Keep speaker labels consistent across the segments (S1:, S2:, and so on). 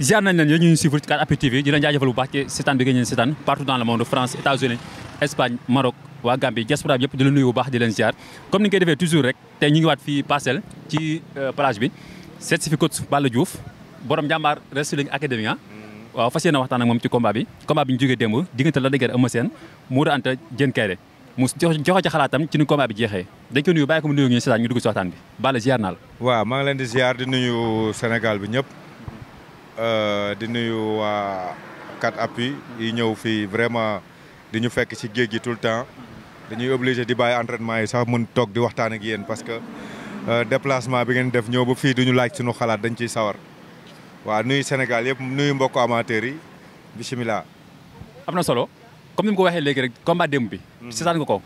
S1: ziar nañ leen yéen ñu ngi suivre ci 4appuis TV di leen jaajëfal bu baax ci seetaan bi ngeen seetaan partout dans le monde France États-Unis Espagne Maroc waa Gambie diaspora bi yëpp di leen nuyu bu baax di leen ziar comme ni ñu defee toujours rek tey ñu ngi waat fii Parcelles ci euh, plage bi seet si fi coach Balla Diouf borom jàmbaar Wrestling Academy ah waaw fas yéene waxtaan ak moom ci combat bi combat bi ñu jógee démb diggante la dëgër Eumeu mu
S2: joxe ci Euh, di nuyu waa kat appuis yi ñëw fii vraiment di ñu fekk ci géej gi tout le temps dañuy obligé di bàyyi entraînement yi sax mun toog di waxtaan ak yéen parce que euh, déplacement bi ngeen def ñëw ba fii duñu laaj suñu xalaat dañ ci sawar waa nuyu Sénégal yëpp nuyu mbokku amateurs yi bisimilah. am na solo comme ni mu
S1: ko waxee léegi rek combat démb bi. Hmm. seetaan nga ko.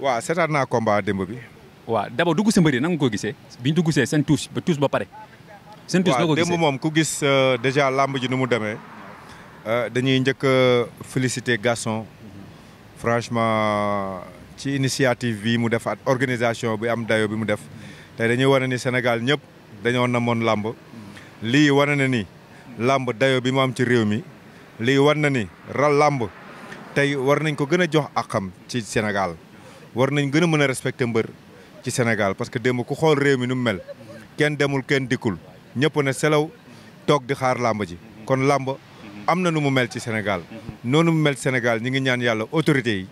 S2: waa seetaan naa combat démb bi.
S1: waaw d'abord dugg si mbëri nan nga ko gisee bi ñu dugg see seen touche ba touche ba pare. seen piste waaw démb moom ku gis
S2: euh, déjà làmb ji nu mu demee euh, dañuy njëkk a féliciter Gaston franchement ci initiative bi mu def ak organisation bi am dayo bi mu def tey dañuy wane ni Sénégal ñëpp dañoo namoon làmb lii wane na ni làmb dayo bi mu am ci réew mi lii war na ni ral làmb tey war nañ ko gën a jox akam ci Sénégal war nañ gën a mën a respecter mbër ci Sénégal parce que démb ku xool réew mi nu mu mel kenn demul kenn dikkul ñëpp na selaw toog di xaar làmb ji kon làmb am na nu mu mel ci Sénégal noonu mu mel Sénégal ñi ngi ñaan yàlla autorité yi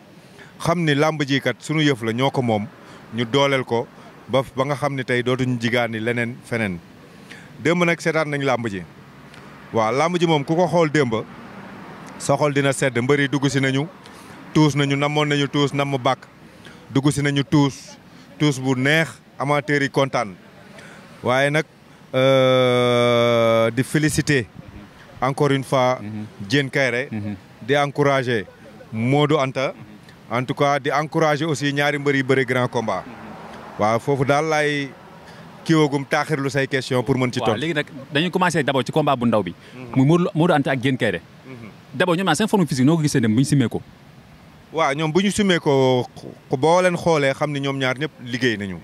S2: xam ni làmb ji kat sunu yëf la ñoo ko moom ñu dooleel ko ba ba nga xam ne tey dootuñu jigaan ni leneen feneen démb nag seetaan nañ làmb ji waaw làmb ji moom ku ko xool démb sa xool dina sedd mbëri dugg si nañu tuus nañu namoon nañu tuus namm bàkk dugg si nañu tuus tuus bu neex amateurs kontaan waaye nag Euh, di féliciter encore une fois mm-hmm. Diène Kairé mm-hmm. di encourager Modou Anta en tout cas di encourager aussi ñaari mbër yi bëri grand combat mm-hmm. waaw foofu daal laay kiiwagum taaxirlu say question pour mën ci toog waaw léegi nag
S1: dañuy commencé d'abord ci combat bu ndaw bi muy Modou Anta ak Diène Kairé d'abord ñoom ñaar seen forme physique noo ko gisee ne bu ñu simee ko
S2: waaw ñoom bu ñu simee ko boo leen xoolee xam ne ñoom ñaar ñëpp liggéey nañu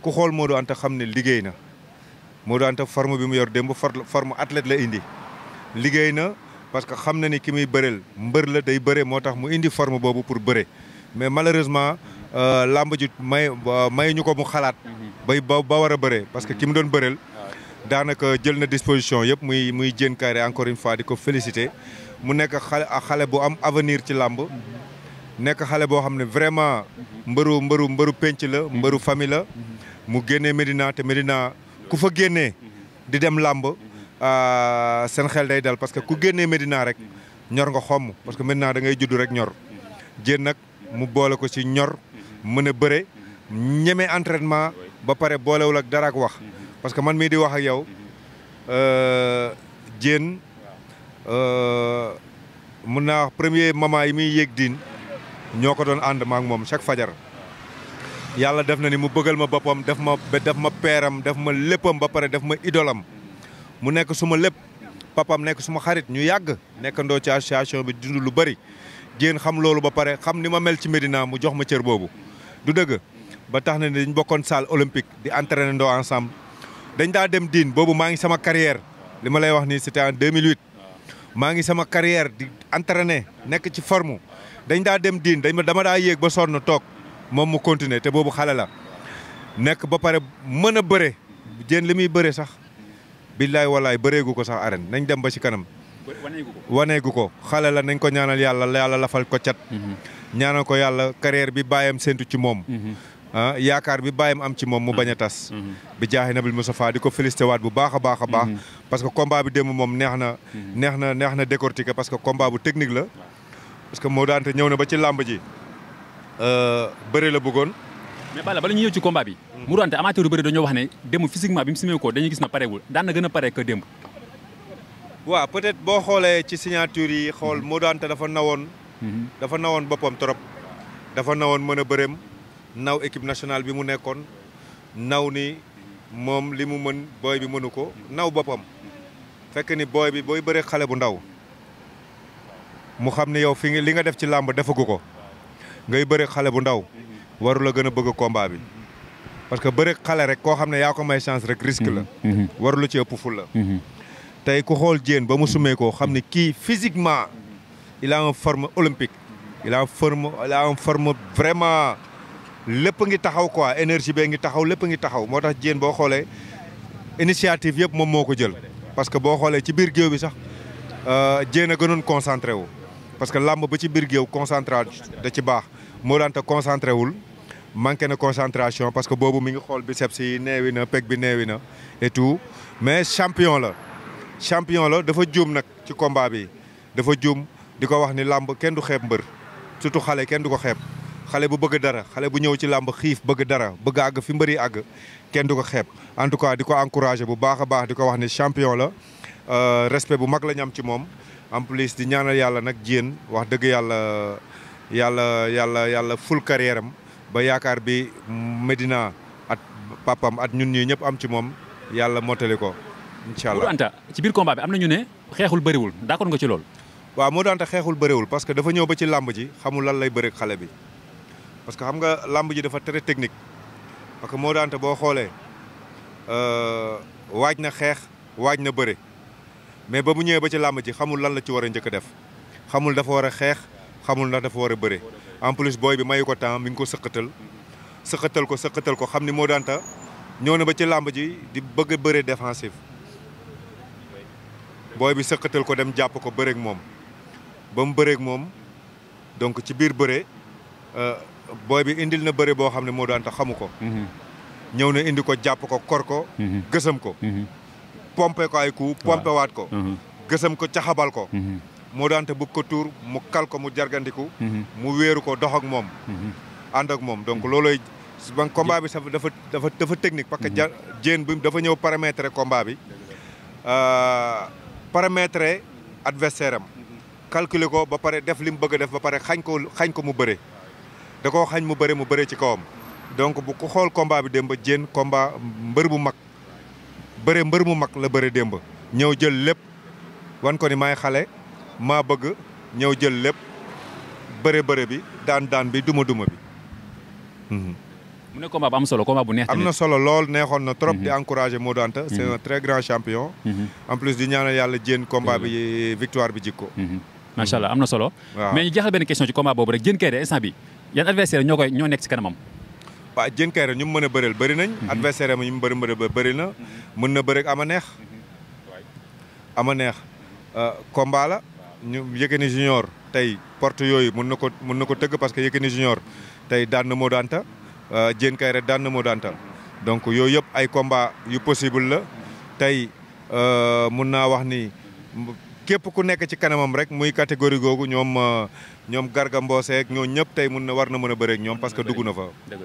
S2: ku xool Modou Anta xam ne liggéey na moo daan ta forme bi mu yor démb forme athlète la indi liggéey na parce que xam na ni ki muy bëreel mbër la day bëre moo tax mu indi forme boobu pour bëre mais malheureusement euh, làmb ji may may ñu ko mu xalaat bay ba ba war a bëree parce que ki mu doon bëreel daanaka jël na disposition yëpp muy muy jën carré encore une fois di ko féliciter mu nekk xale xale bu am avenir ci làmb nekk xale boo xam ne vraiment mbëru mbëru mbëru penc la mbëru famille la mu génne Médina te Médina ku fa génnee di dem làmb euh, seen xel day dal parce que ku génne Medina rek ñor nga xomm parce que maintenant da ngay judd rek ñor jéen nag mu boole ko ci ñor mën a bëre ñeme entraînement ba pare boolewul ak dara ak wax parce que man mii di wax ak yow euh, jéen euh, mun naa premier moment yi muy yéeg diin ñoo ko doon ànd maak moom chaque fajar yàlla def na ni mu bëggal ma boppam def ma def ma peeram def ma léppam ba pare def ma idolam mu nekk suma lépp papam nekk suma xarit ñu yàgg nekkandoo ci association bi dund lu bëri jéen xam loolu ba pare xam ni ma mel ci Médina mu jox ma cër boobu du dëgg ba tax na ni dañ bokkoon salle olympique di entraîner ndoo ensemble dañ daa dem diin boobu maa ngi sama carrière li ma lay wax nii c'était en 2008 maa ngi sama carrière di entraîner nekk ci forme dañ daa dem diin dañ ma dama daa yéeg ba sonn toog moom mu continuer te boobu xale la nekk ba pare mën a bëre jéen li muy bëre sax billaay walaay bëreegu ko sax arène nañ dem ba ci kanam waneegu ko xale la nañ ko ñaanal yàlla yàlla lafal ko cat mhm. ñaanal ko yàlla carrière bi baayam séntu ci moom mhm. ah yaakaar bi bàyyam am ci moom mu mhm. bañ a tas bi jaaxi nabil Moustapha di ko félicité waat bu baax a baax a baax parce que combat bi démb moom neex na neex na neex na décortiqué parce que combat bu technique la parce que moo daante ñëw na ba ci làmb ji Euh, bari la bëggoon. mais Balla bala ñuy ñëw ci combat bi.
S1: mu doonte amateur yu bëri dañoo wax ne démb physiquement bi mu simee ko dañuy gis na pareegul daan na gën a pare que démb.
S2: waaw peut-être boo xoolee ci signature yi xool mu doonte dafa nawoon. Mhm. dafa nawoon boppam trop. dafa nawoon mën a bëreem naw équipe nationale bi mu nekkoon naw ni moom li mu mën booy bi mënu ko naw boppam. fekk ni booy bi booy bëree xale bu ndaw mu xam ne yow fi li nga def ci làmb defagu ko. ngay bëri xale bu ndaw warula gën a bëgg combat bi parce que bëri xale rek koo xam ne yaa ko may chance rek risque la mhm. Mhm. warula ci ëpp ful la mhm. tey ku xool jéen ba mu summee ko xam ne kii physiquement il a une forme olympique il a une forme il a une forme vraiment lépp ngi taxaw quoi énergie bee ngi taxaw lépp ngi taxaw moo tax jéen boo xoolee initiative yëpp moom moo ko jël parce que boo xoolee ci biir géew bi sax jéen euh, a gënoon concentré wu parce que làmb ba ci biir géew concentré da ci baax Modou Anta concentré wul manqué na concentration parce que boobu mi ngi xool biceps yi neewi na pec bi neewi na et mais champion la champion la dafa juum nag ci combat bi dafa juum di ko wax ni làmb kenn du xeep mbër surtout xale kenn du ko xeeb xale bu bëgg dara xale bu ñëw ci làmb xiif bëgg dara bëgg àgg fi mbëri àgg kenn du ko xeeb en tout cas di ko encouragé bu baax a baax di ko wax ni champion la euh, respect bu mag la ñam ci moom en plus di ñaanal yàlla nag jéen wax dëgg yàlla yàlla yàlla yàlla ful carrière am ba yaakaar bi Medina at papam at ñun ñii ñëpp am ci moom yàlla mottali ko incha allah. Modou Anta ci biir combat bi am na ñu ne xeexul bëriwul d'accord nga ci loolu. waaw Modou Anta xeexul bëriwul parce que dafa ñëw ba ci làmb ji xamul lan lay bëri xale bi parce que xam nga làmb ji dafa très technique parce que Modou Anta boo xoolee euh, waaj na xeex waaj na bëri mais ba mu ñëwee ba ci làmb ji xamul lan la ci war a njëkk def xamul dafa war a xeex. xamul ndax dafa war a bëre en plus booy bi mayu ko temps mi ngi ko sëqatal sëqatal ko sëqatal ko xam ni moo daan ta ñëw na ba ci làmb ji di bëgg a bëre défensif booy bi sëqatal ko dem jàpp ko bëreeg moom ba mu bëreeg moom donc ci biir bëre euh, booy bi indil na bëre boo xam ne moo daan ta xamu ko mhm. ñëw na indi ko jàpp ko kor ko mhm. gësam ko mhm. pompe ko ay coup pompe ko gësam ko caxabal ko moo daan te ko tuur mu kal ko mu jargandiku. Mhm. mu wéeru ko dox ak moom. Mhm. ànd ak moom donc mhm. loolooy. ban combat bi sax dafa dafa dafa technique. parce que ja jéen bi dafa ñëw paramétrer kombaa bi. Euh, paramétrer adversaire am. calculer ko ba pare def li mu bëgg a def ba pare xañ ko xañ ko mu bëre. da koo xañ mu bëre mu bëre ci kawam. donc bu ko xool combat bi démb jéen combat mbër bu mag. bëre mbër mu mag la bëre démb. ñëw jël lépp wan ko ni maay xale. maa bëgg ñëw jël lépp bëre bëre bi daan daan bi duma duma bi. Mhm. mu ne combat bu am solo combat bu neex. am na solo lool neexoon na trop. di mhm. encourager Modou Anta. c'est mhm. un très grand champion. en plus di ñaanal yàlla jéen combat bi victoire bi jikko.
S1: macha allah am na solo. waaw mais ñu jeexal benn question ci combat boobu
S2: rek Diène Kaïré instant bi yan adversaire ñoo koy ñoo nekk ci kanamam. waaw Diène Kaïré ñu mu mën a bëreel bëri nañ. adversaire am ñu mu bëri mën a bëri na. mën na bëri ama neex. ama neex euh, combat ñu Yékini Junior tey porte yooyu mën na ko mën na ko tëgg parce que Yékini Junior tey daan na Modou Anta euh, Diène Kaïré daan na Modou Anta donc yooyu yëpp ay combat yu possible la tey euh, mun naa wax ni képp ku nekk ci kanamam rek muy catégorie googu ñoom euh, ñoom Garga Mbossé ak ñoo ñëpp tey mun na war na mën a bëreek ñoom parce que dugg na fa.